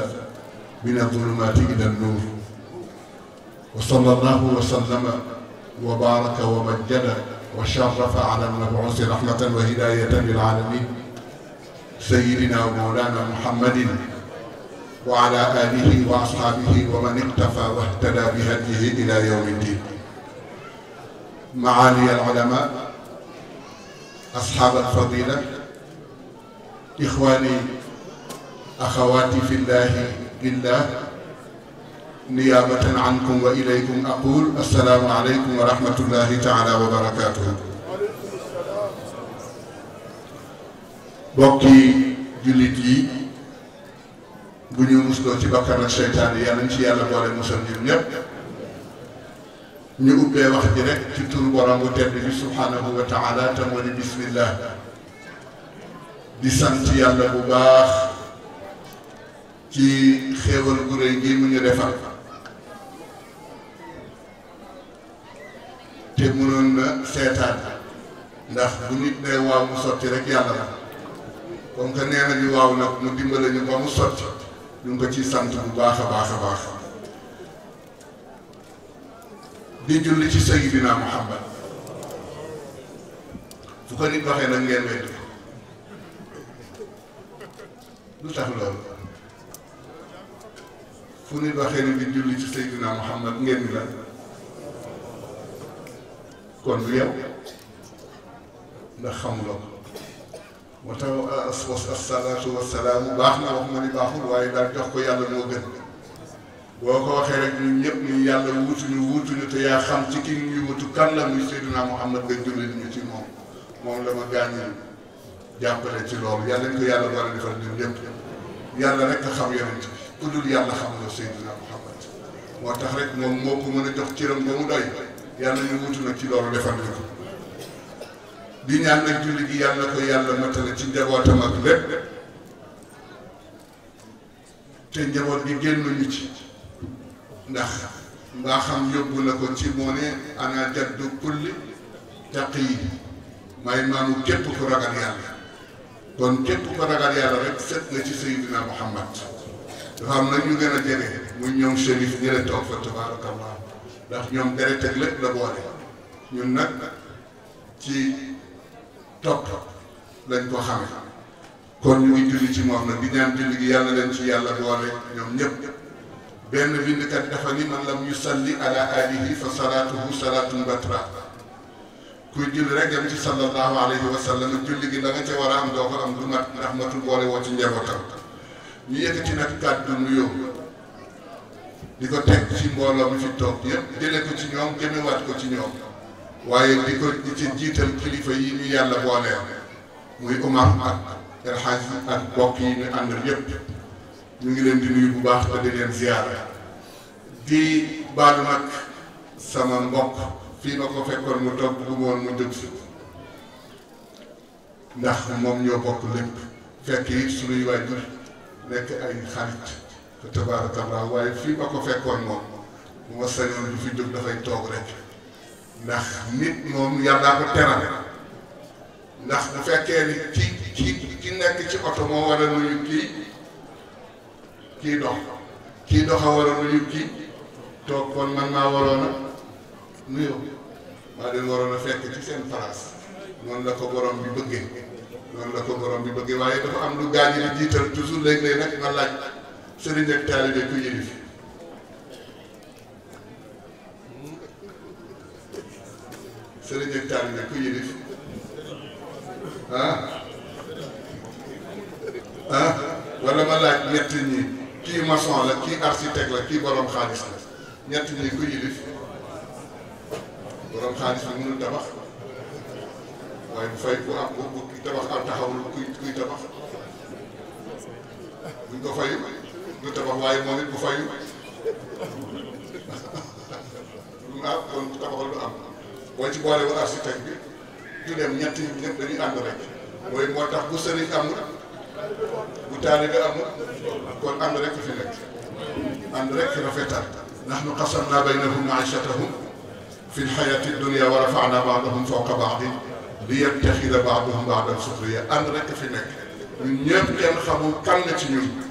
min azulumaati ila annuur wa sallallahu wa sallama wa baraka wa majjada وشرف على المبعوث رحمة وهداية للعالمين سيدنا ومولانا محمد وعلى آله وأصحابه ومن اقتفى واهتدى بهديه إلى يوم الدين معالي العلماء أصحاب الفضيلة إخواني أخواتي في الله لله niyaabatan ankum wa ilaykum aqul assalaamu aleykum wa rahmatullahi taala wa barakaatuhu bokki jullit yi bu ñu musloo ci bakkan ak seytaan yi yàlla ci wax ji rek ci tur bu tedd bi subhaanahu wa taala te moo bismillah di sant yàlla bu baax ci xéewal mu ñu defal te mënoon seetaan ndax bu nit day waaw mu sotti rek yàlla la comme que nee nañu waaw nag mu dimbale ñu ba mu sotti ñu ngi ko ci sant bu baax a baax a baax di julli ci Sayyidina Muhammad fu ko nit waxee nag ngeen wedd lu tax loolu fu nit waxee ni di julli ci Sayyidina Muhammad ngeen la kon du yow ndax xamuloo ko moo tax as was asalaatu wasalaamu baax na wax ma ni baaxul waaye daal jox ko yàlla moo gën boo ko waxee rek ñun ñëpp ñu yàlla wutuñu wutuñu te yaa xam ci ki ñu wutu kan la muy Seydina Muhammad nga jullit ñu ci moom moom la ma gàññil jàppale ci loolu yàlla ñu ko yàlla war a defal ñun ñëpp yàlla rek nga xam yonent bi ku dul yàlla xam nga Seydina Muhammad moo tax rek moom moo ko mën a jox cëram ba mu doy yàlla ñu wutu nag ci loolu defal ñu ko di ñaan nag julli gi yàlla ko yàlla matale ci njabootam ak lépp te njaboot gi génn ñu ci ndax nga xam yóbbu na ko ci moo ne ana jaddu kulli taq yi may maamu képp ku ragal yàlla kon képp ku ragal yàlla rek set nga ci Seydina Muhammad dafa am nag gën a jege mu ñoom chérif ñi toog fa tabaarakallah ndax ñoom deret ak lépp la boole ñun nag ci topp lañ ko xame kon ñu ngi julli ci moom nag di ñaan julli gi yàlla leen ci yàlla boole ñoom ñëpp benn bindkat dafa ni man lam yusalli ala alihi fa salaatuhu salaatun batra kuy julli rek dem ci sallallahu alayhi wa sallam julli gi da nga war a am doo ko am du mat ndax matul boole woo ci njabootam ñu yëkkati nag kàddu nuyoo li ko teg ci mbooloo mi fi toog yëpp jëlee ko ci ñoom jëmewaat ko ci ñoom waaye di ko di ci jiital kilifa yi ñu yàlla booleel muy Umar ak El Hadj ak mbokk yi ñu àndal yëpp ñu ngi leen di nuyu bu baax te di leen ziyaara di baalu nag sama mbokk fii ma ko fekkoon mu toog bu woon mu dëgg ndax moom ñoo bokk lépp fekk it suñuy waajur nekk ay xarit. tabaarakallah waaye fii ma ko fekkoon moom bu ma sañoon fi jóg dafay toog rek ndax nit moom yàllaa ko terale ndax bu fekkee ni ki ki ki nekk ci oto moo war a nuyu kii kii dox kii dox a war a nuyu kii toog kon man maa waroon a nuyu maa leen waroon a fekk ci seen place noonu la ko borom bi bëggee noonu la ko borom bi bëggee waaye dafa am lu gaañ di jiital toujours léeg-léeg nag nga laaj. sëriñ ak taalibe ku yilif sëriñ ak taalibe ku yilif ah ah wala ma laaj ñett ñi kii maçon la kii architecte la kii borom xaalis la ñett ñi ku yilif borom xaalis bi mënul tabax waaye bu fay bu am tabax am taxawul kuy kuy tabax buñ ko fayu du tabax waaye moom it bu fayu lu naa kon bu tabaxal du am boo ci boole wu architecte bi du dem ñett yi ñëpp dañuy ànd rek mooy moo tax bu sëriñ amul bu taalibe amul kon ànd rek fi nekk ànd rek fi rafetal nahnu qasamna baynahum maishatahum fi lxayati dunia wa rafana baadahum fawqa baadin liyattaxida baaduhum baadan suxriya ànd rek fi nekk ñun ñëpp kenn xamul kan la ci ñun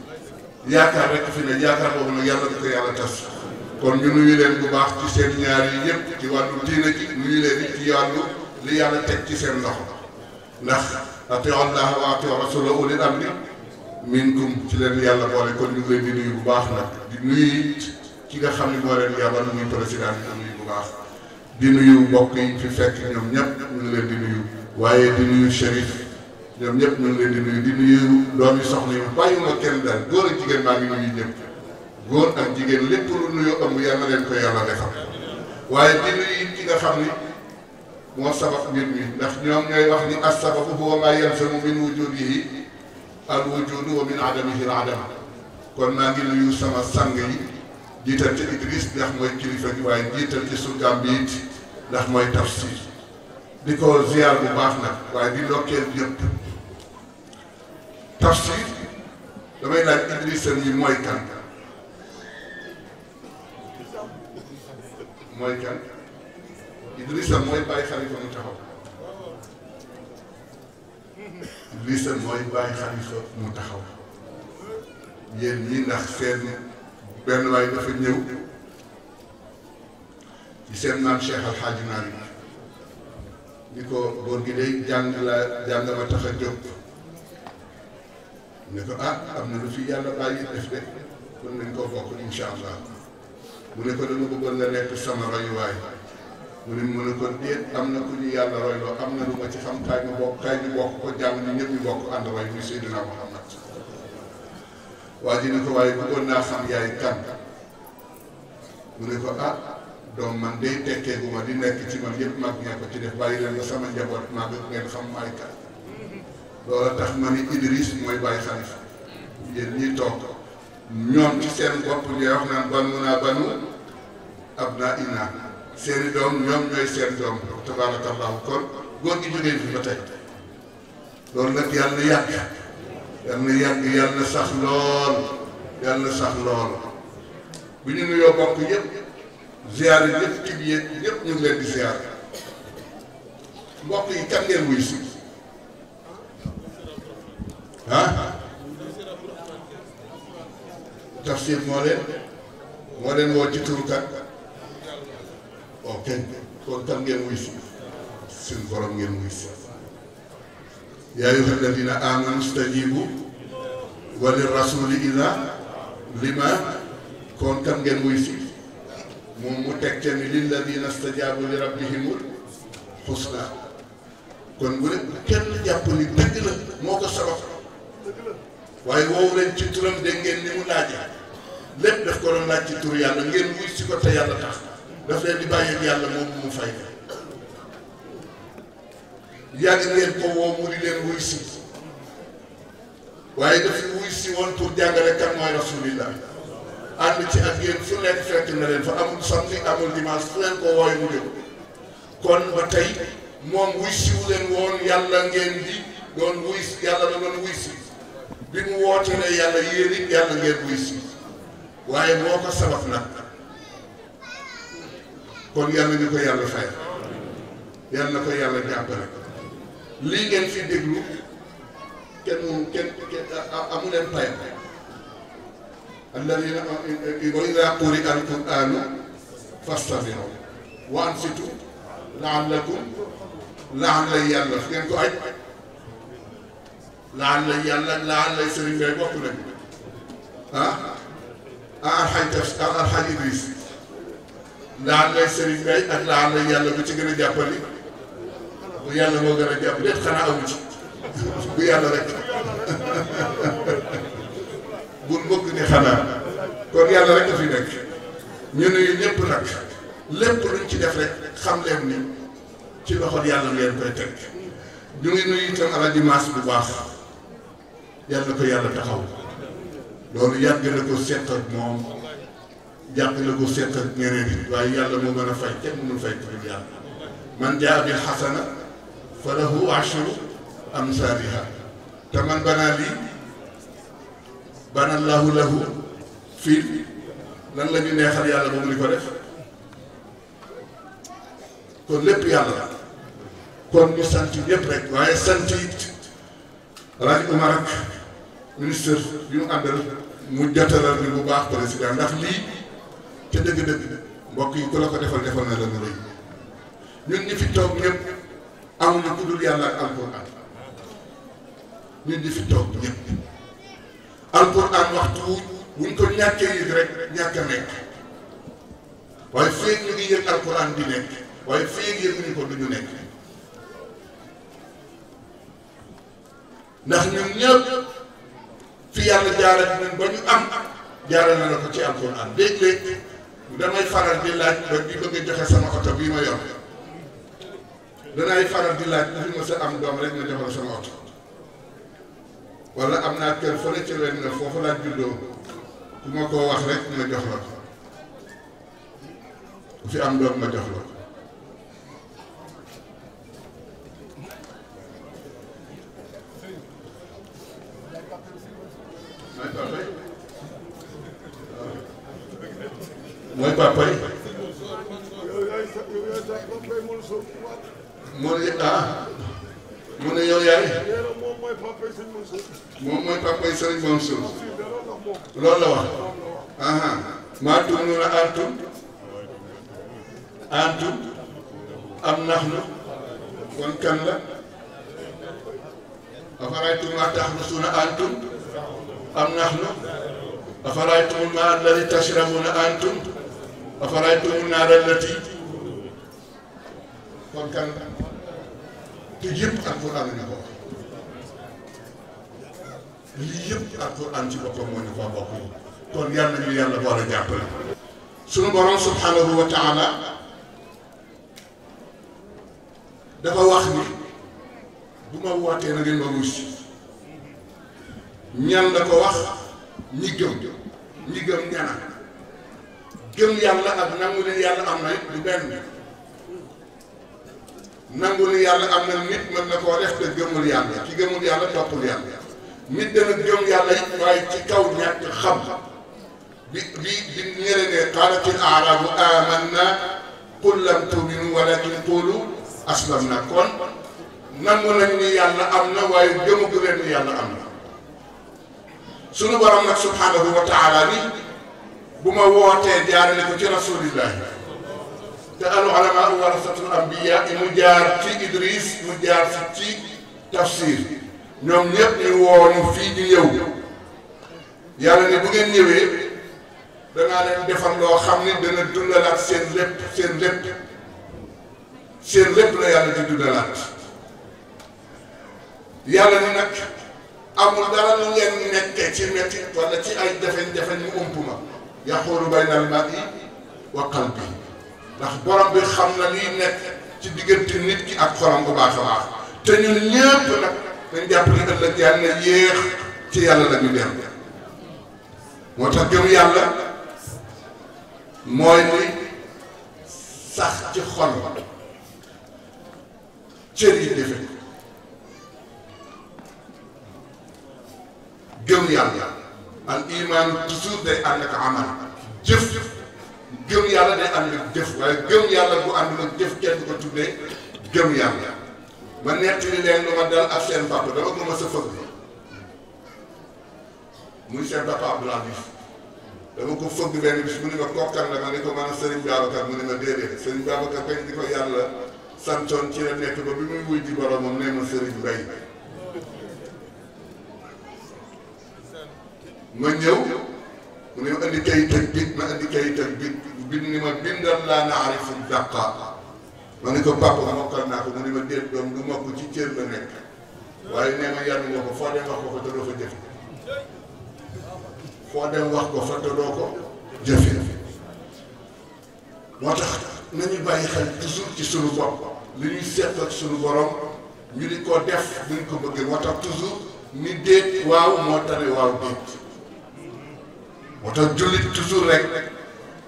yaakaar rek fi ne yaakaar boobu nag yàlla na ko yàlla tas kon ñu nuyu leen bu baax ci seen ñaar yi yëpp ci wàllu diine ji nuyu leen ci wàllu li yàlla teg ci seen loxo ndax atiu allah wa atiu rasula ulil amri minkum ci leen yàlla boole kon ñu ngi leen di nuyu bu baax nag di nuyu ki nga xam ne moo leen yàlla muy président bi di nuyu bu baax di nuyu mbokk yi fi fekk ñoom ñëpp ñu ngi leen di nuyu waaye di nuyu shérif. ñoom ñëpp ñu ngi leen di nuyu di nuyu doomi soxna yu bàyyiwuma ak jigéen maa ngi nuyu ñëpp nga xam ni moo sabab mbir wax ni as sababu huwa maa yanfamu min wujudihi al wujudu wa min yi kilifa gi waaye jiital ci bi it ndax mooy tafsir di bu baax nag waaye di ndokkeel yëpp. tafsir damay laaj Idrissa yi mooy kan mooy kan Idrissa mooy bàyyi xalifa mu taxaw Idrissa mooy bàyyi xalifa mu taxaw yéen ñii ndax seen benn waay dafa ñëw ci seen maam Cheikh Al Hadj Malick ni ko góor gi day jàng laa jàng ma tax a jóg ne ko ah am na lu fi yàlla bàyyi def de kon nañ ko bokk incha allah mu ne ko dama bëggoon nga nekk sama royuwaay mu ne mu ne ko déet am na ku ñu yàlla royloo am na lu ma ci xam kaay ma bokk kaay ñu bokk ko jàng ñu ñëpp ñu bokk ànd roy muy Seydina Muhammad waa ji ne ko waaye bëggoon naa xam yaay kan mu ne ko ah doom man day tekkee bu ma di nekk ci man yëpp mag ñee ko ci def bàyyi leen ba sama njaboot mag ngeen xam ay kan loola tax ma ni Idriss mooy bàyyi xalifa yéen ñii toog ñoom ci seen bopp ñooy wax naan banu naa banu ab naa inna seeni doom ñoom ñooy seen doom tabarakallahu kon góor gi jógee fi ba tey loolu nag yàlla na yàgg yàlla na yàgg yàlla na sax lool yàlla na sax lool bu ñu nuyoo bokk yëpp ziyaar yi yëpp kii bi yëpp ñu ngi leen di yi kan ngeen wuy si ah tafsir moo leen moo leen woo ci turu kat ok oh, kon tam ngeen wuy si suñu ngeen wuy si yaa ayyuha alladina amanu stajibu wa lirrasuli ida lima kon tam ngeen wuy si moom mu teg te ni lilladina stajabu li rabbihimul xusna kon bu ne kenn jàpp ni dëgg la moo ko sabab waaye woowu leen ci turam dégg ngeen ni mu laajee lépp daf ko doon laaj ci tur yàlla ngeen wuy si ko te yàlla tax daf leen di bàyyeeg yàlla moom mu fay ko yàgg ngeen ko woo mu di leen wuy si waaye daf wuy si woon pour jàngale kan mooy rasulillah ànd ci ak yéen fu nekk fekk na leen fa amul samedi amul dimanche fu leen ko wooy mu jóg kon ba tey moom wuy si wu leen woon yàlla ngeen di doon wuy yàlla da doon wuy si. bi mu woote la yàlla yéen it yàlla ngeen buy si waaye moo ko sabab nag kon yàlla ñu ko yàlla fay yàlla na ko yàlla jàppale lii ngeen fi déglu kenn moom kenn amu leen payam alladina wa ida quri al quranu fastamiu wa ansitu laallakum laal la yàlla fi ngeen ko aj laan lay yàlla laan lay sëriñ ngay bokk nañ ah ah alxaj taf ah alxaj Idris lay sëriñ ngay ak laan lay yàlla bu ci gën a jàppali bu yàlla moo gën a jàpp ci bu yàlla rek bul bëgg ni xanaa kon yàlla rek a nekk ñu nuyu ñëpp nag lépp luñ ci def rek xam leen ni ci loxol yàlla ngeen koy teg ñu ngi nuyu itam ala dimanche bu baax yal na ko yàlla taxaw loolu yàgg na ko seq ak moom jàpp na ko seq ak ñeneen yi waaye yàlla moo mën a fay kenn mënul fay ku yàlla man jaa bi xasana fa lahu ashru amsaaliha fii lan la ñu neexal yàlla moom li ko def kon lépp yàlla kon ñu sant ñëpp rek waaye sant it rajo Umar ministre bi ñu àndal mu jotalal ñu bu baax président ndax lii ca dëgg-dëgg mbokk yi ku la ko defal defal na la mu rëy ñun ñi fi toog ñëpp amuñu ku dul yàlla ak ñun ñi fi toog ñëpp alquran waxtu buñ ko ñàkkee yëg rek ñàkk a nekk waaye feeg ñu ngi yëg alquran ko du ñu nekk ndax ñun ñëpp. fi yàlla jaara ñun ba ñu am jaara na la ko ci alquran léeg-léeg damay faral di laaj ba faral di laaj fi ma sa am doom rek ma jox sama oto wala am naa kër fële ci ren nga foofu laa juddoo ku ma koo wax rek ma jox la ko ku fi am doom ma jox la bonne chose loolu la wax aha maa tumnuuna antum antum am nahnu kon kan la afaraytum maa tahrusuuna antum am nahnu afaraytum maa alladi tashrabuuna antum afaraytum naara allati kon kan la te yëpp alquran na ko wax lii yëpp alquran ci boppam moo ñu ko bokk kon yal nañu yàlla boole jàppale sunu borom subhanahu wa dafa wax ni bu ma wootee na ngeen ma wuus ñan la ko wax ñi gëm ñi gëm ñana gëm yàlla ak nangu ne yàlla am na du benn nit mën na koo def te gëmul yàlla ki gëmul yàlla toppul yàlla nit dana gëm yàlla it waaye ci kaw ñàkk xam bi bi bi ñëre ne qaalatil aaraabu amanna qul lam tuminu walakin qulu aslamna kon nangu nañ ni yàlla am na waaye gëmagu leen yàlla am na sunu borom subhaanahu wa taala ni bu ma wootee jaarale ko ci rasulillahi te al ulama warasatul ambiya mu jaar ci Idris mu jaar ci tafsir ñoom ñëpp ñu woonu fii di ñëw yàlla ne bu ngeen ñëwee danaa leen defal loo xam ni dana dundalaat seen lépp seen lépp seen lépp la yàlla di dundalaat yàlla ne nag amul dara lu ngeen nekkee ci metti wala ci ay jafe-jafe mu ump ma yaxuulu baynal mar'i wa qalbi ndax borom bi xam na liy nekk ci diggante nit ki ak xolam bu baax a baax te ñun ñëpp dañ jàpp ne ëllëg yàlla yéex ci yàlla la ñu dem moo tax gëm yàlla mooy muy sax ci xol cër yi defe gëm yàlla al iman toujours day ànd ak amal jëf gëm yàlla day ànd ak jëf waaye gëm yàlla bu ànd ak jëf kenn ko tuddee gëm yàlla ma nettali leen lu ma dal ak seen papa dama ko ma sa fëgg muy seen papa Abdoulaye Diouf dama ko fëgg benn bis mu ne kokkan la ne ko man Serigne Babacar mu ne ma déedéet Serigne Babacar kañ di ko yàlla santoon ci la nekk ba bi muy wuy ji boromam nee ma Serigne Mbaye ma ñëw mu ne ma andi kayit ak bit ma andi bit bit ni ma bindal laa naarifu daqa ma ne ko papa mokkal naa ko mu ne ma déet doom du mokk ci cër la nekk waaye nee ma yar nga ko foo dem wax ko fa te doo ko jëfe foo dem wax ko fa te doo ko jëfe moo tax nañu bàyyi xel toujours ci sunu bopp li ñuy seet ak sunu borom ñu di ko def duñ ko bëggee moo tax toujours ni déet waaw moo tane waaw déet moo tax jullit toujours rek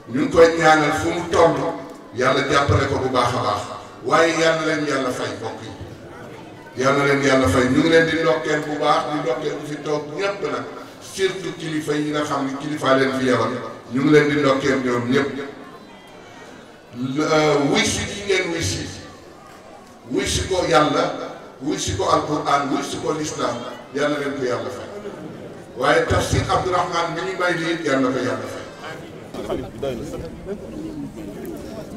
ñu ngi koy ñaanal fu mu toll. yàlla jàppale ko bu baax a baax waaye yàlla leen yàlla fay bokk yi yàlla leen yàlla fay ñu ngi leen di ndokkeel bu baax di ndokkeel bu fi toog ñépp nag surtout kilifa yi nga xam ni kilifaa leen fi yabal ñu ngi leen di ndokkeel ñoom ñëpp euh, wuy si yi ngeen wuy si wuy si ko yàlla wuy si ko alquran wuy si ko lislaam yàlla leen ko yàlla fay waaye tafsir abdourahman bi ñu may lii yàlla fay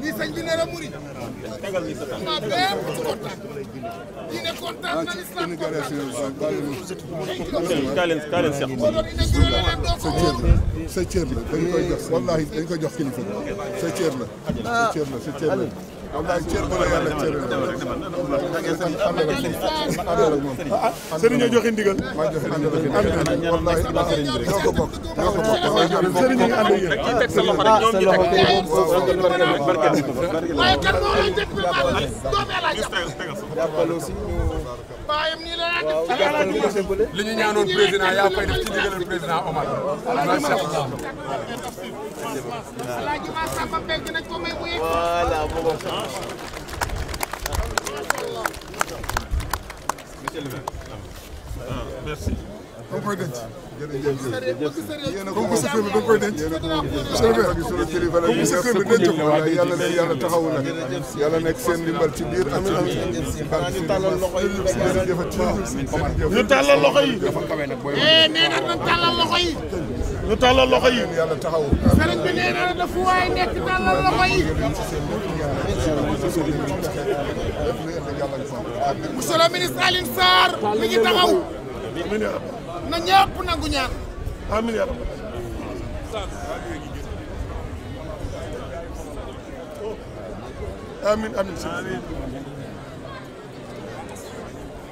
li sëñ bi nar a muri. ma benn bu ci kontaan. ñu ne kontaan na islam la sa cër la la sa wallaay cër bu la yàlla cër sëriñ a joxe ndigal ñoo ko bokk ñoo ko bokk sëriñ a ngi ànd ak yéen kii teg sa loxo rek ñoom ñu teg barke barke la li ñu ñaanoon président yaa koy def ci ndigalal président Omar. macha allah. voilà. monsieur le maire. Ah, merci. da nga koy denc. jërëjëf jërëjëf comme que sa kër bi da nga koy denc. monsieur le maire ak sunu la ñuy seetlu denc ko waaye yàlla leen yàlla seen ndimbal ci biir ak ci biir. ñu tàllal loxo yi. ñu tàllal loxo yi. nee na ñu tàllal loxo yi. yàlla taxawu. sëriñ bi nee na dafa waay nekk tàllal loxo yi. mi ngi taxaw. na ñëpp nangu ñaan. amiin yaa rabbal amiin amiin. amiin.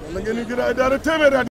wala ngeen di gën a